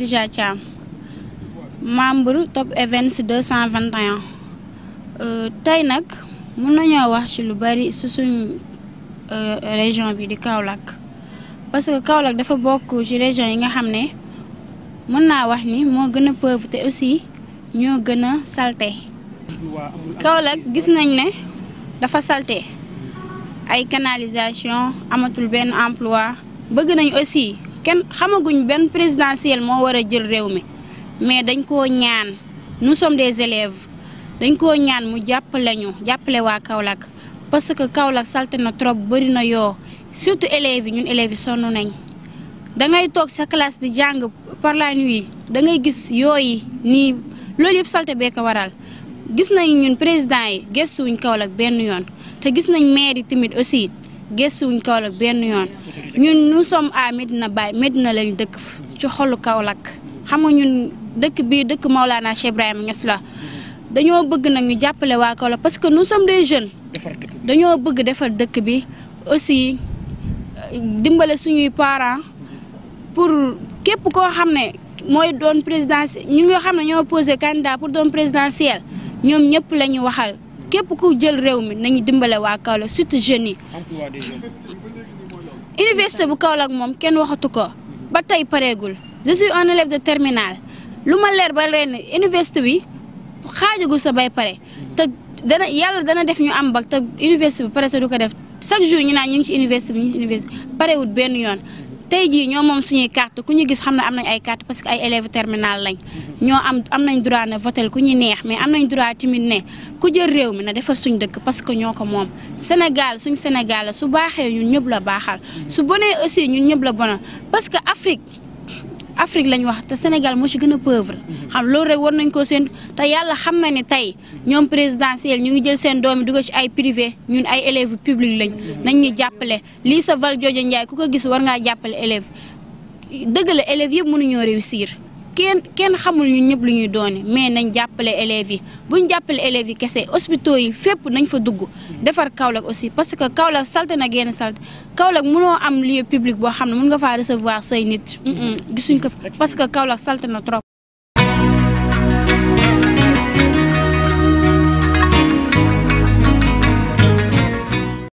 Khadija Thiam membre Top Events 221 euh, tey nag mën nañoo wax ci lu bari su suñ euh, région bi di Kaolack parce que Kaolack dafa bokk ci région yi nga xam ne mën naa wax ni moo gën a pauvre te aussi ñoo gën a salte Kaolack gis nañ ne dafa salte ay canalisation amatul benn emploi bëgg nañu aussi kenn xamaguñ benn présidentiel moo war a jël réew mi mais dañ koo ñaan nu sommes des élèves dañ koo ñaan mu jàppale ñu jàppale waa Kaolack parce que Kaolack salte na trop bëri na yoo surtout élèves yi ñun élèves yi sonn nañ da toog sa classe di jàng par la nuit da ngay gis yooyu nii loolu yëpp salte bee ko waral gis nañ ñun président yi gëstuwuñ Kaolack benn yoon te gis nañ maire yi aussi gëstuwuñ Kaolack benn yoon ñun nous sommes à Medina Baye Medina lañu dëkk ci xolu Kaolack xam nga ñun dëkk bii dëkk Maolana Cheikh Ibrahima Niass la dañoo bëgg nag ñu jàppale waa Kaolack parce que nous sommes des jeunes dañoo bëgg defar dëkk bi aussi dimbale suñuy parent pour képp koo xam ne mooy doon présidentiel ñu nga xam ne ñoo posé candidat pour doon présidentiel ñoom ñëpp la ñu waxal képp ku jël réew mi nañu dimbale waa Kaolack surtout jeunes yi. université bu Kaolack moom kenn waxatu ko ba tey pareegul je suis un élève de terminal lu ma leer ba leen université wi xaajagul sa bay pare te dana yàlla dana def ñu am bac te université bi pare sa du ko def chaque jour ñu naan ñu ngi ci université bi ñu ngi benn yoon. tey jii ñoo moom suñuy carte ku ñu gis xam ne am nañ ay carte parce que ay élèves terminale lañ ñoo am am nañ droit ne votel ku ñu neex mais am nañ droit timit ne ku jël réew mi na defar suñ dëkk parce que ñoo ko moom Sénégal suñ Sénégal la su baaxee ñun ñëpp la baaxal su bonee aussi ñun ñëpp la bonal parce que Afrique Afrique lañ wax te Sénégal moo ci gën a pauvre mhm. xam loolu rek war nañ koo seen te yàlla xam na ne tey ñoom présidentiel ñu ngi jël seen doomi dugal ci ay privé ñun ay élèves publics lañ mhm. nañ ñu jàppale lii sa Valdiodio Ndiaye ku ko gis war ngaa jàppale élèves dëgg la élèves yëpp mënuñoo réussir kenn kenn xamul ñu ñëpp lu ñuy doone mais nañ jàppale élève yi bu ñu jàppale élève yi kese hôpitaux yi fépp nañ fa dugg defar Kaolack aussi parce que Kaolack salte na génn salte Kaolack mënoo am lieu public boo xam ne mun nga faa recevoir say nit gisuñ ko parce que Kaolack salte na trop